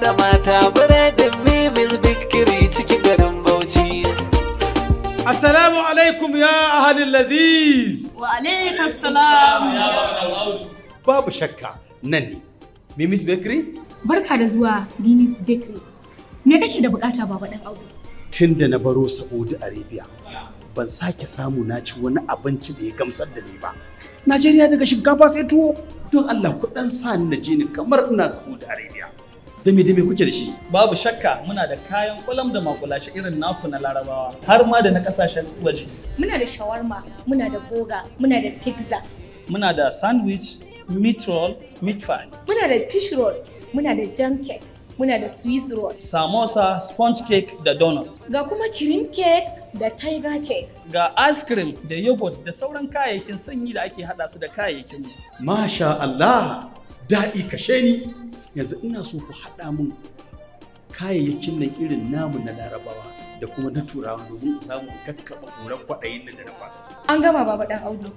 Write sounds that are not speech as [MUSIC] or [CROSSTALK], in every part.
da mata biredin mimis bikiri cikin garin bauchi assalamu alaikum ya ahalin laziz wa alaikum salam babu shakka nan ne mimis bakery barka da zuwa mimis bakery me kake da bukata baba dan audu tun da na baro saudi arabia ban sake samu na ci wani abinci da ya gamsar da ni ba najeriya daga shinkafa sai tuwo don allah ku dan sa ni na je ni kamar ina saudi arabia da me kuke da shi babu shakka muna da kayan kwalam da makulashi irin naku na larabawa har ma da na kasashen waje muna da shawarma muna da boga muna da pizza muna da sandwich meat roll meat pie muna da fish roll muna da jam cake muna da swiss roll samosa sponge cake da donut ga kuma cream cake da tiger cake ga ice cream da yogurt da sauran kayayyakin sanyi da ake hada su da kayayyakin masha Allah daɗi kashe ni yanzu ina so ku haɗa mun kayayyakin nan irin namu na larabawa da kuma na turawa domin in samu kakkaɓa ƙurar kwaɗayin da na kwasa. An gama baba ɗan Audu.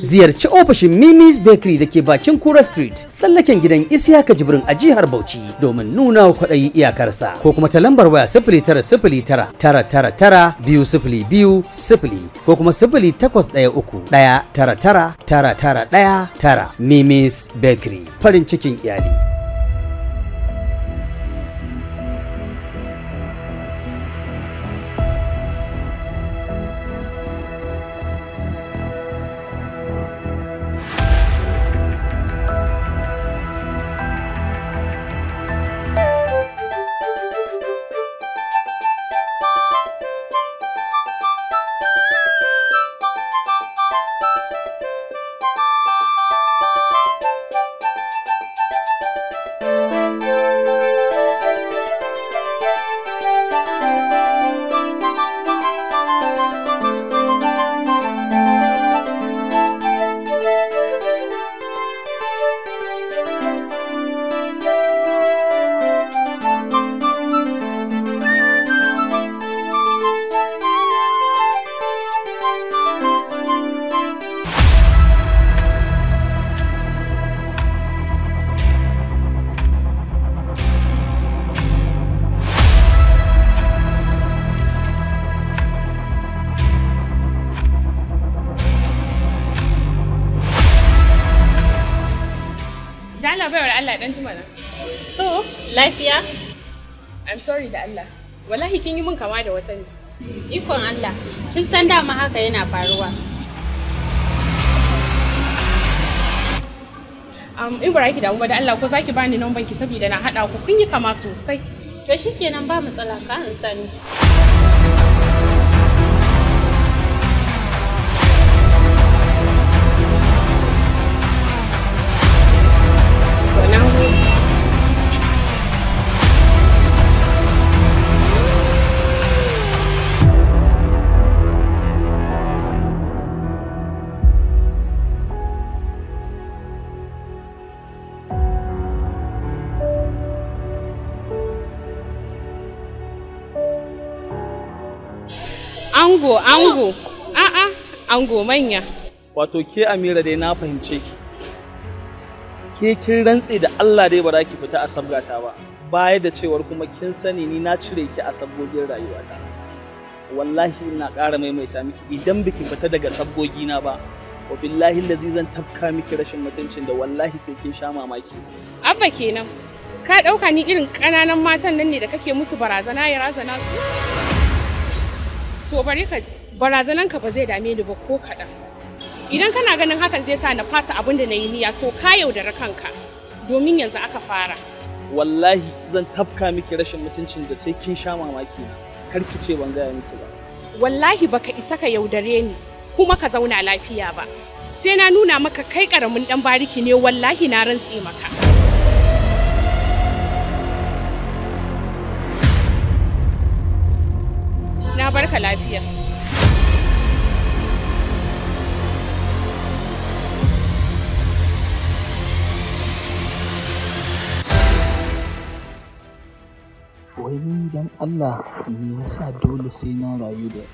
Ziyarci ofishin Mimi's Bakery da ke bakin Kura Street, tsallaken gidan Isiyaka Jibrin a jihar Bauchi domin nuna wa kwaɗayi iyakarsa ko kuma ta lambar waya sifili tara sifili tara tara tara tara biyu sifili biyu sifili ko kuma sifili takwas ɗaya uku ɗaya tara tara tara tara ɗaya tara Mimi's Bakery farin cikin iyali. I'm sorry da Allah. Wallahi kin yi mun kama da wata ne. Ikon Allah, kin san dama haka yana faruwa. Um, in ba ki da Allah ko zaki bani nan banki saboda na hada ku kun yi kama sosai. To shikenan ba matsala ka an sani. ango ango a'a ango manya wato ke amira dai na fahimce ki ke kin rantse da Allah dai ba za ki fita a sabgata ba baya da cewar kuma kin sani ni na cire ki a sabgogin rayuwata wallahi ina ƙara maimaita miki idan biki fita daga na ba wa billahi lazi zan tafka miki rashin mutuncin da wallahi sai kin sha mamaki abba kenan ka ɗauka ni irin ƙananan matan nan ne da kake musu barazana ya razana su To bari ka ji, barazanan ka ba zai dame ni ba ko kaɗan. Idan kana ganin hakan zai sa na fasa abin da na yi niyya to ka yaudara kanka domin yanzu aka fara. Wallahi zan tafka miki rashin mutuncin da sai kin sha mamaki na. Kar ki ce ban gaya miki ba. Wallahi baka isa ka yaudare ni kuma ka zauna lafiya ba. Sai na nuna maka kai karamin ɗan bariki ne wallahi na rantse maka. maka lafiya wani don Allah me yasa dole sai na rayu da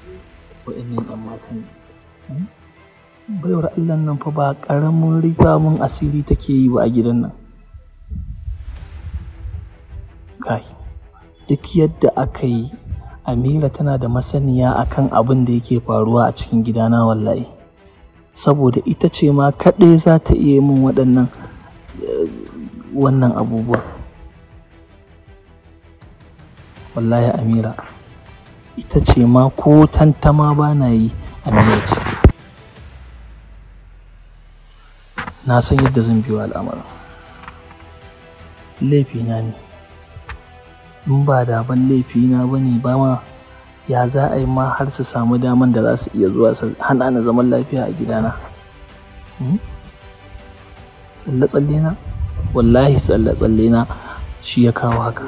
wa'annan yan matan hmm? baiwar Allah nan fa ba ƙaramin rifa mun asiri take yi ba a gidan nan kai duk yadda aka yi Amira tana da masaniya akan abin da yake faruwa a cikin gidana wallahi saboda ita ce ma kaɗai za ta iya min waɗannan eh, wannan abubuwa wallahi Amira ita ce ma ko tantama ba na yi Amira ce na san yadda zan biyo al'amarin na ne in ba da ban laifi ba ne ba ma ya za a yi ma har su samu daman da za su iya zuwa su hana na zaman lafiya a gidana hmm? tsalle-tsalle na wallahi tsalle-tsalle na shi ya kawo haka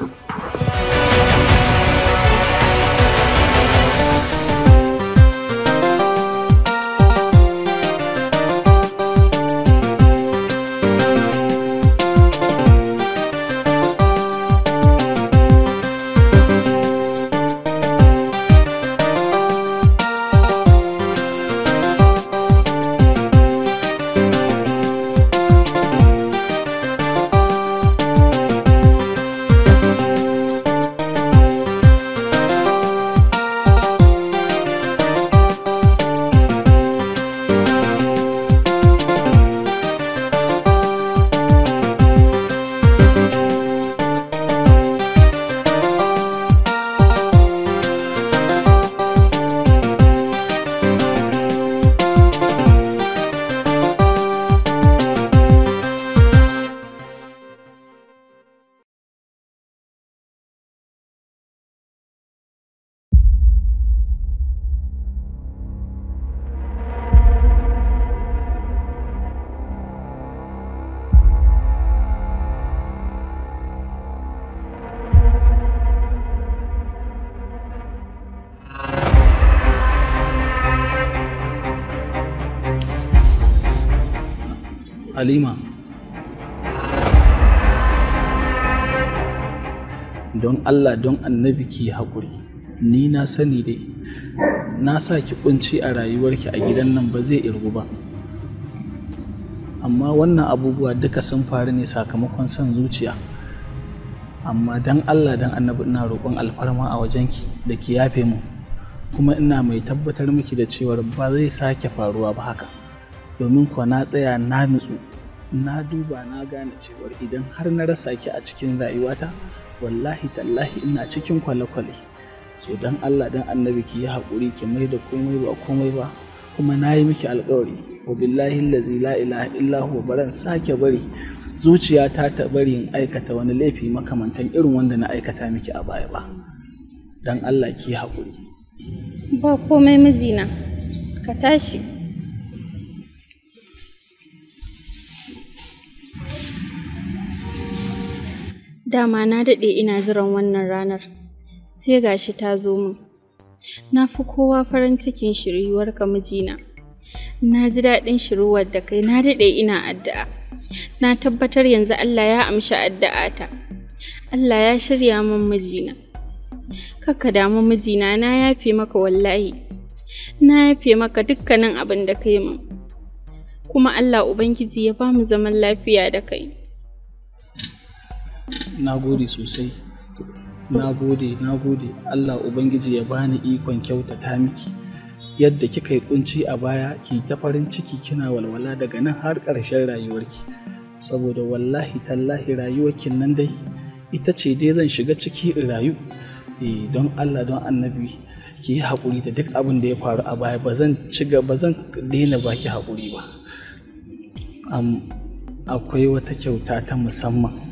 halima don allah don annabi ki haƙuri ni na sani dai na sa ki kunci a rayuwarki a gidan nan ba zai irgu ba amma wannan abubuwa duka sun faru ne sakamakon son zuciya amma don allah don annabi ina roƙon alfarma a wajenki da ki yafe mu kuma ina mai tabbatar miki da cewar ba zai sake faruwa ba haka domin kuwa na tsaya na nutsu na duba na gane cewar idan har na rasa ki a cikin rayuwata wallahi tallahi ina cikin kwale-kwale so don Allah don annabi ki yi haƙuri ki mai da komai ba komai ba kuma na yi miki alƙawari wa billahi lazi la ilaha illa baran sake bari zuciyata ta bari in aikata wani laifi makamantan irin wanda na aikata miki a baya ba don Allah ki yi haƙuri ba komai mijina ka tashi Dama na daɗe ina jiran wannan ranar, sai ga shi ta zo min. Na fi kowa farin cikin shiryuwarka mijina. Na ji daɗin shiruwar da kai, na daɗe ina addu'a. Na tabbatar yanzu Allah ya amshi addu'a ta. Allah ya shirya min mijina. Kakka damu mijina na yafe maka wallahi. Na yafe maka dukkanin abin da kai min. Kuma Allah Ubangiji ya ba mu zaman lafiya da kai. na gode sosai na gode na gode allah ubangiji ya bani ikon kyautata miki yadda kika yi kunci a baya ki ta farin ciki kina walwala daga nan har ƙarshen rayuwarki saboda wallahi tallahi rayuwarki nan dai ita ce dai zan shiga ciki in rayu eh, don allah don annabi ki yi haƙuri da duk abin da ya faru a baya ba zan ci gaba zan daina baki haƙuri ba akwai wata kyauta ta musamman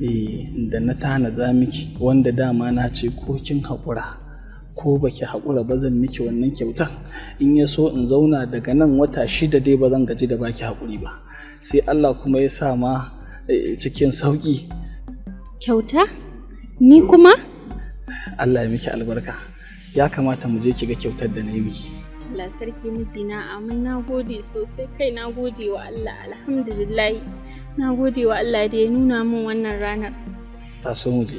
Eh, da na tanada miki wanda dama na ce ko kin haƙura ko baki haƙura ba zan miki wannan kyautar in ya so in zauna daga nan wata shida dai ba zan gaji da baki haƙuri ba sai Allah kuma ya sa ma eh, cikin sauƙi kyauta ni kuma Allah ya miki albarka ya kamata mu je ki ga kyautar da na yi miki Allah sarki mijina amin na gode sosai kai na gode wa Allah alhamdulillah na gode wa Allah da ya nuna mun wannan ranar. ta so muje.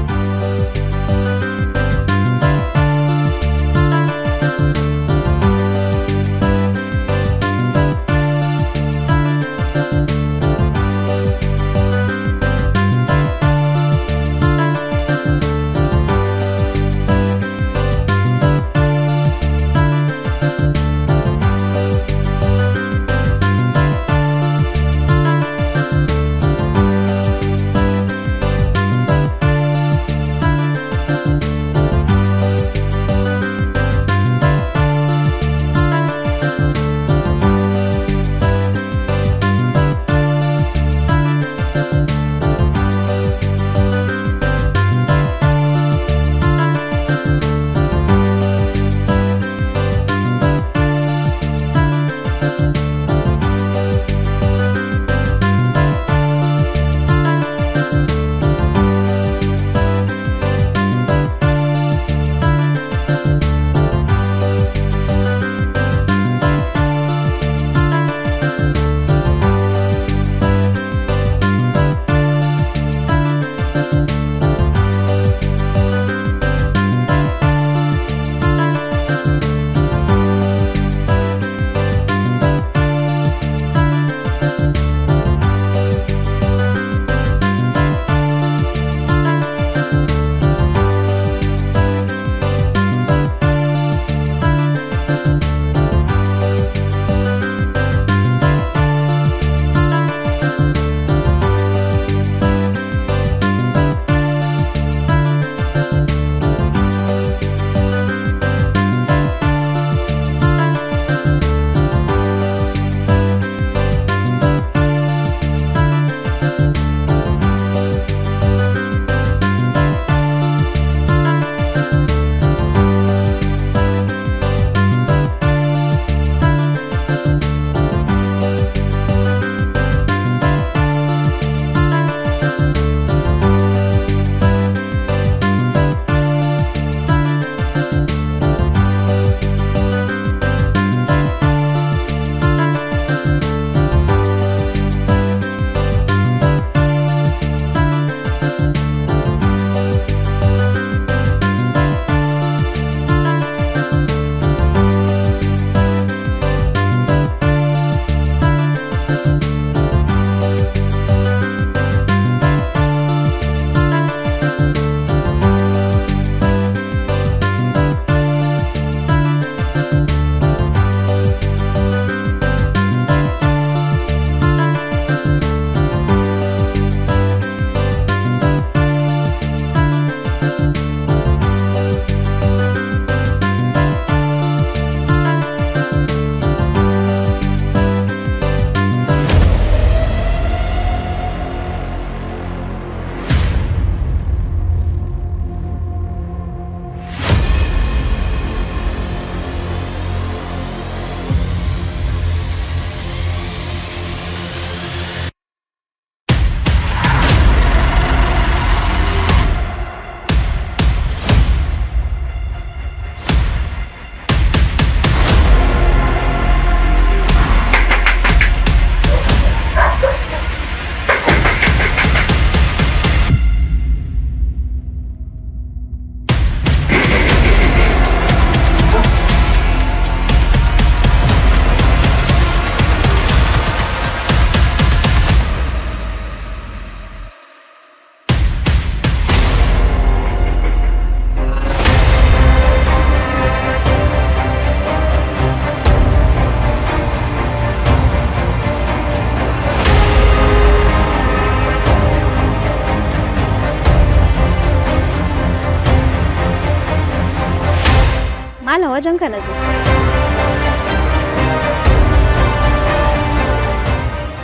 wajenka na zo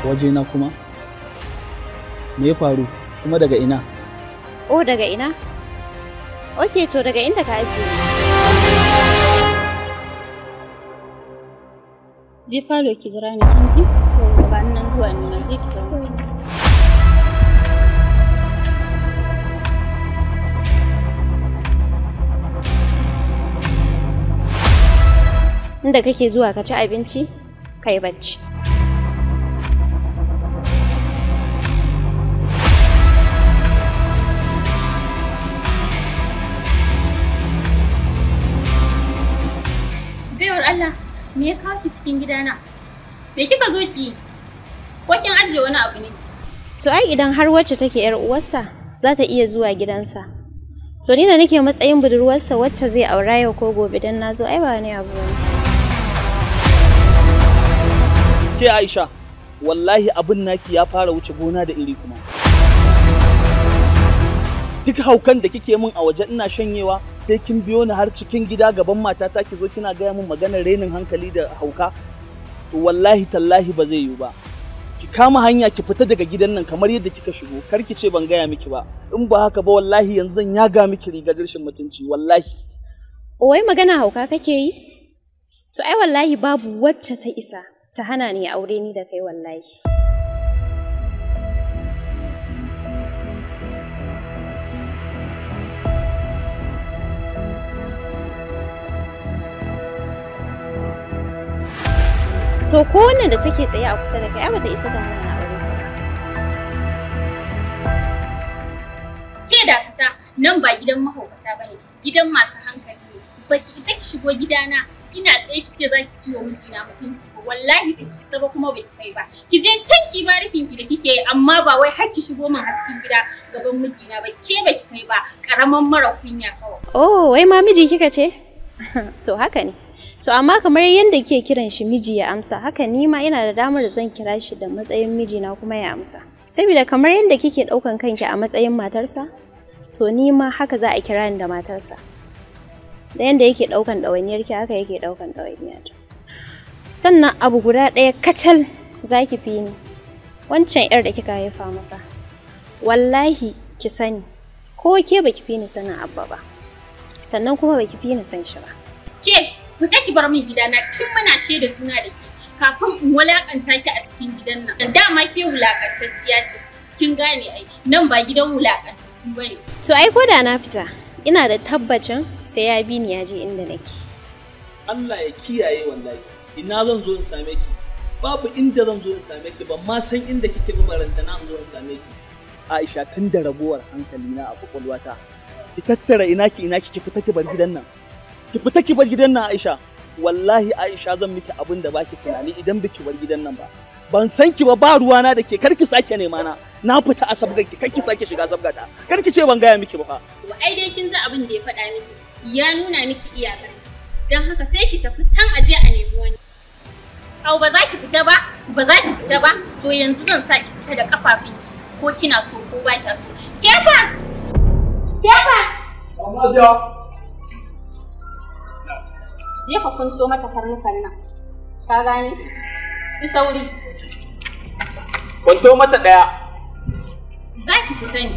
wajena kuma me faru kuma daga ina oh daga ina ok to daga inda ka ajiye je falo ki jira ni kin ji so nan zuwa ni na je ki inda kake zuwa ka ci abinci ka yi bacci baiwar Allah me ya kawo ki cikin gidana me kika zo ki ko kin ajiye wani abu ne to ai idan har wacce take yar uwarsa za ta iya zuwa gidansa to ni da nake matsayin budurwarsa wacce zai aura yau ko gobe dan nazo ai ba wani abu ne Ke Aisha, wallahi abin naki ya fara wuce gona da iri kuma. Duk haukan da kike min a waje ina shanyewa sai kin biyo ni har cikin gida gaban matata ki zo kina gaya min maganar renin hankali da hauka. To wallahi tallahi ba zai yiwu ba. Ki kama hanya ki fita daga gidan nan kamar yadda kika shigo kar ki ce ban gaya miki ba. In ba haka ba wallahi yanzu zan yaga miki rigar rashin mutunci wallahi. Wai magana hauka kake yi? To ai wallahi babu wacce ta isa. ta hana ni aure ni da kai wallahi to ko wannan da take tsaye a kusa da kai ai bata isa ta hana na aure ke dakata nan ba gidan mahaukata bane gidan masu hankali ne baki isa ki shigo gidana ina tsaye kice za ki ciwo mijina mutunci ba wallahi ba ki saba kuma bai kai ba ki je can ki ba rufin ki da kike yi amma ba wai har ki shigo min a cikin gida gaban mijina ba ke ba ki kai ba karaman mara kunya kawai oh wai ma miji kika ce [LAUGHS] to haka ne to amma kamar yadda ke kiran shi miji ya amsa haka ni ma ina da damar da zan kira shi da matsayin mijina kuma ya amsa saboda kamar yadda kike daukan kanki a matsayin matarsa to ni ma haka za a kira ni da matarsa da yanda yake ɗaukan ki, haka yake ɗaukan ɗawainiyar. sannan abu guda ɗaya kacal za ki fi ni wancan yar da kika haifa masa wallahi ki sani ko ke baki fi ni sanin abba ba sannan kuma baki fi ni san shi ba ke ta ki bar min gidana tun muna shaida juna da ke kafin in wulakanta ki a cikin gidan nan dama ke wulakantacciya ce kin gane ai nan ba gidan wulakantattu bane to ai ko da na fita ina da tabbacin sai ya bi ni ya je inda nake Allah ya kiyaye wallahi ina zan zo in same ki babu inda zan zo in same ki ban ma san inda kike ba baranta na zo in same ki Aisha tun da rabuwar hankali na a kwakwalwata ki tattara ina ki ina ki ki fita ki bar gidan nan ki fita ki bar gidan nan Aisha wallahi Aisha zan miki abin da baki tunani idan biki bar gidan nan ba ban san ki ba ba ruwana da ke kar ki sake nema na na fita a sabgar ki kar ki sake shiga sabgar ta kar ki ce ban gaya miki ba fa to ai dai kin ji abin da ya faɗa miki ya nuna miki iyakar dan haka sai ki tafi can aje a nemi wani au ba za ki fita ba ba za ki fita ba to yanzu zan sa ki fita da kafafin ko kina so ko ba kya so kefas kefas amma ja je ka kunso mata karnukan nan ka gane ki sauri kwanto mata daya zaki fita ne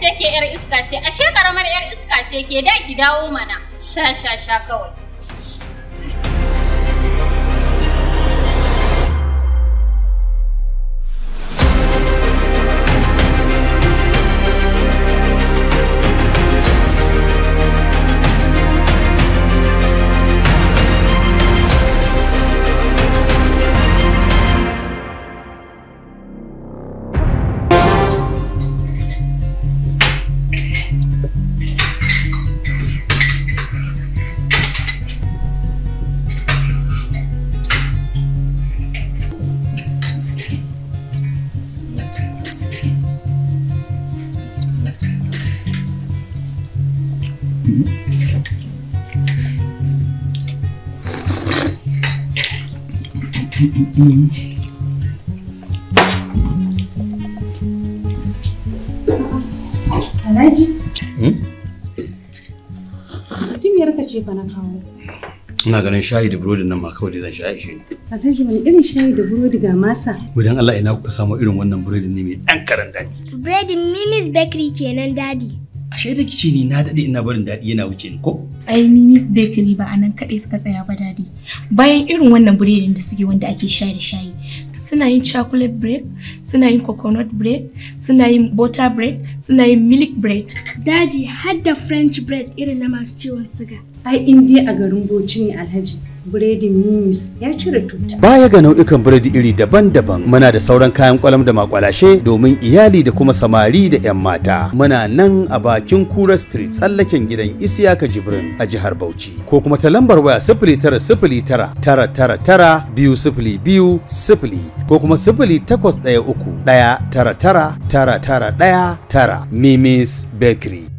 ce ke 'yar iska ce ashe karamar 'yar iska ce ke da ki dawo mana sha sha sha kawai Alhaji? Dimiyar hmm? ka ce fa na kawo. Ina ganin shayi da burodi nan ma kawai da zan shayi shi. Alhaji wani irin shayi da burodi ga masa? Gudan Allah ina kuka samu irin wannan burodi ne mai ɗan karan daɗi. Burodin Mimi's Bakery kenan daɗi. ashe da kice ni na daɗe ina barin daɗi yana wuce ni ko? Ai ni Miss Bakery ba anan kaɗai suka tsaya ba daɗi. Bayan irin wannan biredin da suke wanda ake sha da shayi, suna yin chocolate bread, suna yin coconut bread, suna yin butter bread, suna yin milk bread. Dadi har da French bread irin na masu ciwon suga. Ai in dai a garin Bauchi ne Alhaji. biredin mimis ya cire tuta. Baya ga nau'ikan biredi iri daban-daban muna da sauran kayan kwalam da makwalashe domin iyali da kuma samari da 'yan mata. Muna nan a bakin Kura Street tsallaken gidan Isiyaka Jibrin a jihar Bauchi ko kuma ta lambar waya sifili tara sifili tara tara tara tara biyu sifili biyu sifili ko kuma sifili takwas ɗaya uku ɗaya tara tara tara tara ɗaya tara Mimis Bakery.